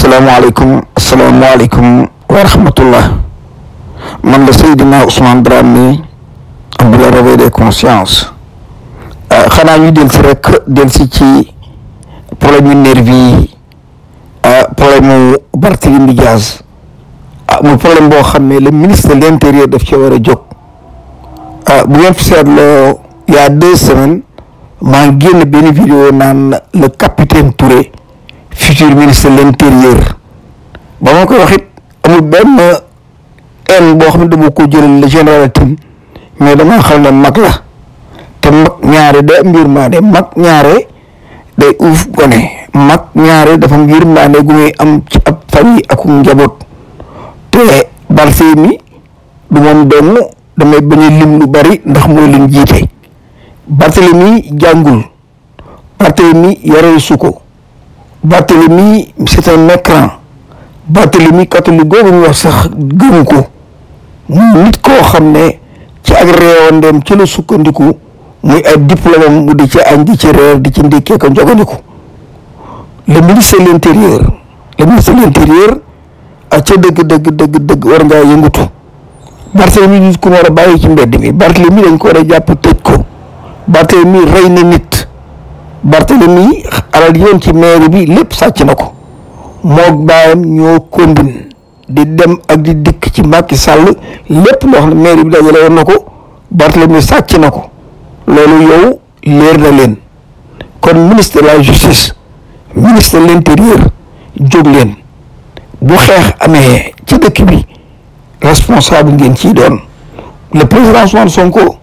asalaamaaleykum asalaamaaleykum wa rahmatullah man la Seydina Ousmane Dramé bu la réveil des consciences euh, xanaa ñu del si ci problème mu nervi euh, problème mu Barthélémy Dias ah, mu problème boo xam ne le ministre de l' intérieur daf ci war a jog euh, bu ngeen fi seetloo il y a deux semaines maa ngi génn benn vidéo naan le capitaine Touré futur ministre de l'intérieur ba ma koy wax it amul benn en boo xam ne dama ko jëlal la général Tine mais dama xam ne mag la te mag ñaare day am yërmande mag ñaare day uuf gone mag ñaare dafa am yërmande gu muy am ci ab famille ak njaboot te Balse mi du moom dong damay bañ lim lu bari ndax moo leen jiite Barthélemy jàngul Barthélemy yaree su Barthélemy c'est un écran Barthélemy catholique googu ñu wax sax gëmu ko muy nit koo xam ne ci ak réewandeem ci la sukkandiku muy ay diplôme am mu di ci añ di ci reer di ci ndékkee njogandiku le ministre de l'intérieur le ministre de l'intérieur a ca dëgg dëgg dëgg dëgg war ngaa yëngutu Barthélemy nit ku war a bàyyi ci mbedd mi Barthélemy dañ ko war a jàpp tëj ko Barthélemy rey na nit Barthélemy alal yoon ci mairie bi lépp sàcc na ko moo baayam ñoo combine di dem ak di dikk ci Macky sàll lépp loo xam ne mairie bi dajale woon na ko Barthélemy sàcc na ko loolu yow leer na leen kon ministre de la justice ministre l'intérieur jóg bu xeex amee ci dëkk bi responsable ngeen ci doon le président Ousmane Sonko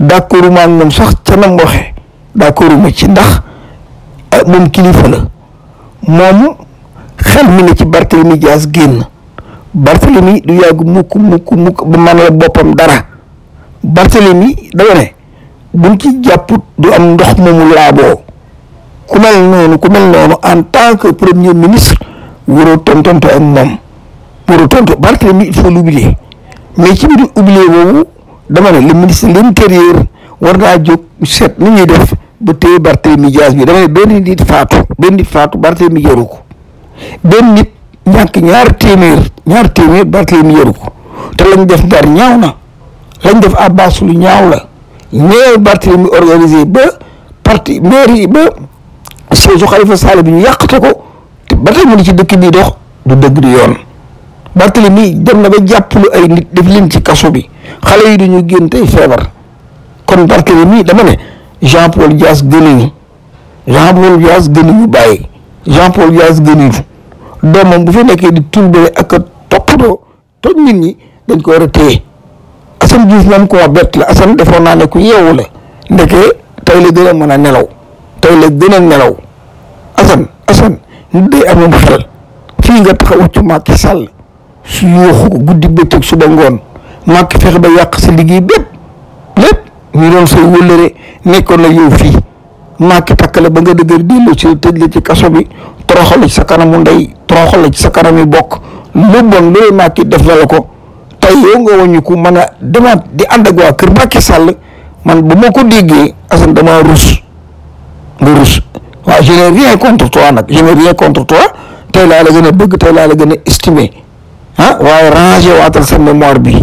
d'accord ak sax ca nam waxe d'accord ma ci ndax eh, moom kilifa la moom xel mi ne ci Barthélemy Dias génn Barthélemy du yàgg mukk mukk mukk ba man la boppam dara Barthélemy dafa ne buñ ci jàpp du am ndox moomu laaboo ku mel noonu ku mel noonu en tant que premier ministre waroo tontonto ak moom waroo tonto Barthélemy il faut l'oublier mais ci biir oublier boobu dama ne le ministre l'intérieur war naa jóg seet ni ñuy def ba téye Barthélemy Dias bi damay benn nit faatu benn nit faatu Barthélemy jaru ko benn nit ñàkk ñaar téeméer ñaar téeméer Barthélemy jaru ko te lañ def ndar ñaaw na lañ def Abbas lu ñaaw la ñeel Barthélemy organisé ba parti maire yi ba siège Khalifa Sall bi ñu yàqte ko ba tey mu ngi ci dëkk bi dox du dëgg du yoon Barthélemy dem na ba jàppalu ay nit def leen ci kaso bi xale yi dañuy génn tey feebar kon Barthélemy dama ne. Jean Paul Dias gënuñu Jean Paul Dias gënuñu bàyyi Jean Paul Dias gënuñu doomam bu fi nekkee di turbale ak a toppatoo toj nit ñi dañ ko war a téye Assane Diouf moom ko wax bett la defoon naa ne ku yeewu la ndeke tey la gën a mën a nelaw tey la gën a nelaw Assane Assane nit day amam xel fii nga taxaw ci Macky Sall su yooxu ko guddi bëccëg suba ngoon Macky fexe ba yàq sa liggéey bépp ñu doon say wëllëre nekkoon la yow fii màkki takk la ba nga dëgër dellu ci tëj la ci kaso bi toroxal la ci sa kanamu ndey toroxal la ci sa kanam yi bokk lu bon looy màkki def na la ko tey yow nga wàññi ko mën a demaat di ànd ak waa kër Sall man bu ma déggee asan dama rus nga rus waaw je n'ai rien contre toi nag je n'ai rien contre toi tey laa la gën a bëgg tey laa la gën a estimé ah waaye rangé waatal sa mémoire bi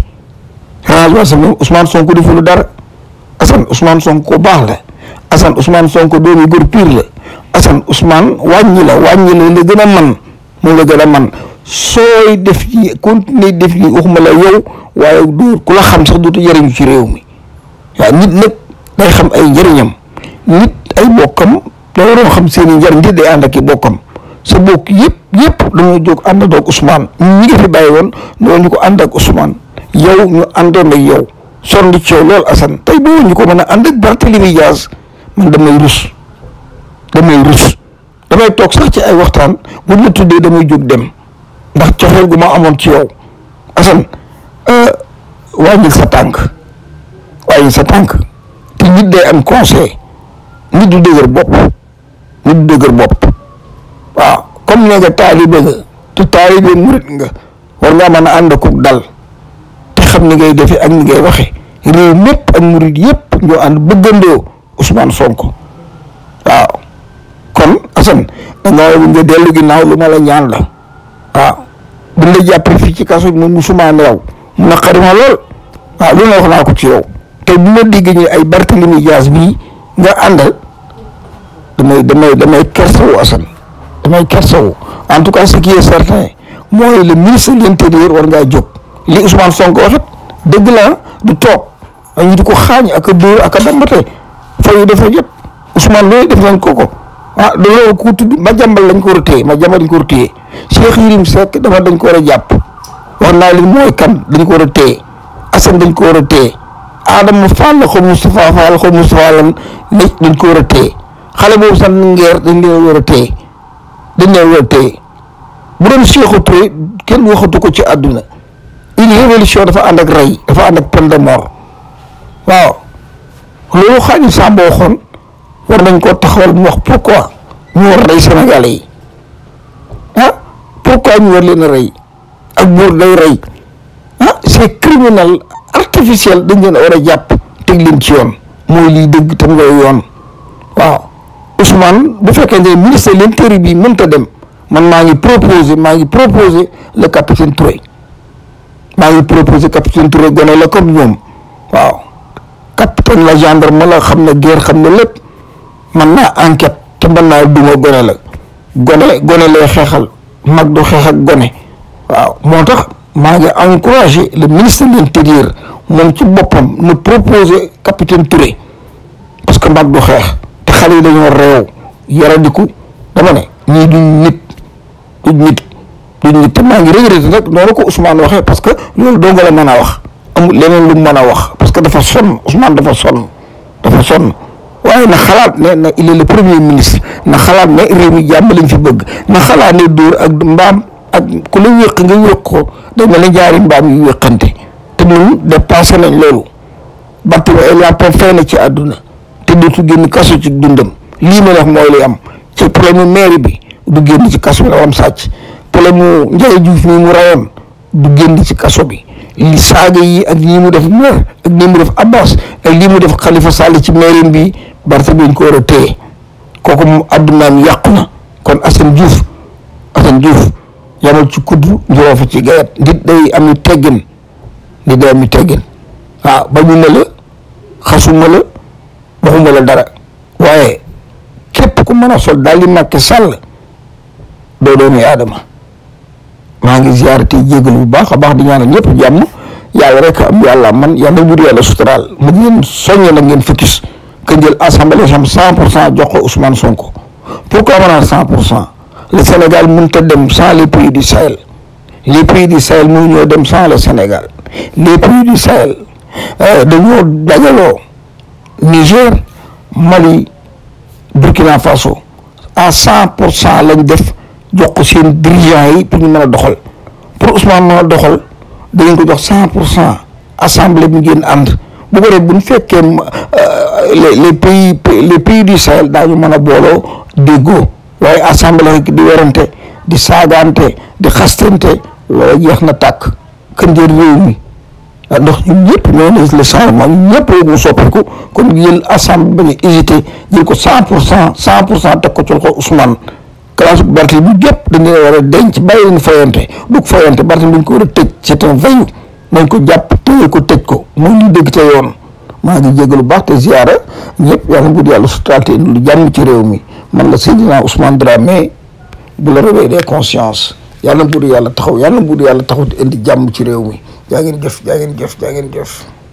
rangé waatal sa mémoire Ousmane Sonko defu lu dara. Assane Ousmane Sonko baax la Assane Ousmane Sonko doomi góor pire la Assane Ousmane wàññi la gën a man moom la gën a man sooy def yi continuer def yi waxuma la yow waaye du ku la xam sax dootu jëriñu ci réew mi waaw nit nag day xam ay njëriñam nit ay bokkam da waroon xam seen i njëriñ nit day ànd ak i bokkam sa bokk yëpp yëpp dañoo jóg ànd ak Ousmane ñi nga fi bàyyi woon ñu ko ànd ak sonn ci yow lool Assane tey boo ñu ko mën a ànd ak Barthélémy Dias man damay rus damay rus damay toog sax ci ay waxtaan bu ñu tuddee damay jóg dem ndax cofeel gu ma amoon ci yow Assane euh, wàññil sa tànk wàññil sa tànk te nit day am conseil nit du dëgër bopp nit du dëgër bopp waaw comme ne nga taalibe nga te taalibe murit nga war ngaa mën a ànd ak dal te xam ni ngay defee ak ni ngay waxe réew mépp ak murid yëpp ñoo ànd bëggandoo Ousmane Sonko waaw kon Assane non nga dellu ginnaaw lu ma la ñaan la waaw buñ la jàppee fii ci kaso bi mu musuma neew mu naqari ma lool waaw lu ne wax naa ko ci yow te bu ma dégg ñu ay Barthélemy Dias bii nga àndal damay damay damay kersawu Assane damay kersawu en tout cas ce qui est certain mooy le ministre de l'intérieur war ngaa jóg li Ousmane Sonko waxat dëgg la du toog. ak ñu di ko xaañ ak a dóor ak a dambate fayu dafa yëpp Ousmane looy def nañ ko ko ah da loolu ku tudd ma jàmbal lañ ko war a téye ma jàmbal dañ ko war a téye Cheikh Yérim Seck dañ ko war a jàpp wax naa leen mooy kan dañ ko war a téye Assane dañ ko war a téye Adama Fall xaw Moustapha Fall xaw Moustapha lan ne dañ ko war a téye xale boobu sant ngeer dañ war a téye dañ leen war bu doon Cheikh Touré kenn waxatu ko ci àdduna une révolution dafa ànd ak rey dafa ànd ak peine waaw loolu xaañu Samb waxoon war nañ koo taxawal mu wax pourquoi ñu war rey Sénégalais yi ah, pourquoi ñu war leen rey ak buur day rey ah c'est criminel artificiel dañ leen a war a jàpp teg leen ci yoon mooy lii dëgg te ngay yoon waaw Ousmane bu fekkee ne ministre de bii bi mënta dem man maa ngi proposé maa ngi proposé le capitaine Touré maa ngi proposé capitaine Touré gone la comme ñoom waaw capitaine la ma la xam ne guerre xam ne lépp man naa enquête te mën naa duma gone la gone gone lay xeexal mag du xeex ak gone waaw moo tax maa ngi encouragé le ministre de l'intérieur moom ci boppam nu proposé capitaine Touré parce que mag du xeex te xale yi dañoo réew yaradiku dama ne ñii duñ nit duñ nit duñ nit te maa ngi regretté nag noonu ko Ousmane waxee parce que loolu dong la mën a wax amul leneen lu mën a wax parce que dafa sonn Ousmane dafa sonn dafa sonn waaye na xalaat ne na il est premier ministre na xalaat ne réew mi jàmm lañ fi bëgg na xalaat ne ak mbaam ak ku la wéq nga wéq ko da nga la jaari mbaam yu wéqante te ñun dépassé nañ loolu Barthélémy Elias Pape fay na ci àdduna te dootu génn kaso ci dundam lii ma wax mooy li am ci problème mairie bi du génn ci kaso bi la am sàcc problème mu Ndiaye Diouf mi mu rayoon du génn ci kaso bi li saaga yi ak lii mu def Mer ak lii mu def Abbas ak lii def Khalifa Sall ci mairie bi Barthélémy ko war a téye kooku mu àddunaam yàqu kon Assane Diouf Assane Diouf yamal ci kuddu njuroo fa ci gayat nit day am i teggin nit day am i teggin waaw bañu ma la xasuma dara waaye képp ku mën a sol daal di màkke doo doomi aadama maa ngi ziare te jégalu bu baax a baax di ñaanal ñëpp jàmm yàlla rek am yàlla man yàlla bu yàlla suturaal ma ngeen soññe nag ngeen focus que jël assemblée sam 100 pour cent jox ko Ousmane Sonko pourquoi ma naan 100 le Sénégal mënut dem sans les pays du Sahel les pays du Sahel mënu ñoo dem sans le Sénégal les pays du Sahel eh, dañoo dajaloo Niger Mali Burkina Faso à 100 pour cent lañ def. jox ko seen dirigeants yi pour ñu mën a doxal pour Ousmane mën a doxal da ngeen ko jox cent pour cent assemblée bi ngeen ànd bu ko bu ñu fekkee euh, les les pays les pays du Sahel daañu man a booloo déggoo waaye assemblée rek di werante di saagaante di xastante loolu jeex na tàkk kën njër réew mi ah, ndox ñun ñëpp ñoo ne le changement ñun ñëpp rek mu soppiku kon yéen assemblée bañ a hésité jël ko cent pour cent cent pour cent ko ci classe Barthélemy bu gépp dañu leen war a denc bàyyi leen foyante du ko foyante Barthélemy dañ ko war a tëj c'est un vayu nañ ko jàpp téye ko tëj ko moom ñu dégg te yoon maa ngi jégalu baax te ziara ñëpp yàlla bu yàlla suturaal te lu ci réew mi man la Seydina Ousmane Dramé bu la réveil des yàlla bu yàlla taxaw yàlla bu yàlla taxaw te indi jàmm ci réew mi jaa ngeen jëf jaa ngeen jëf jaa ngeen jëf.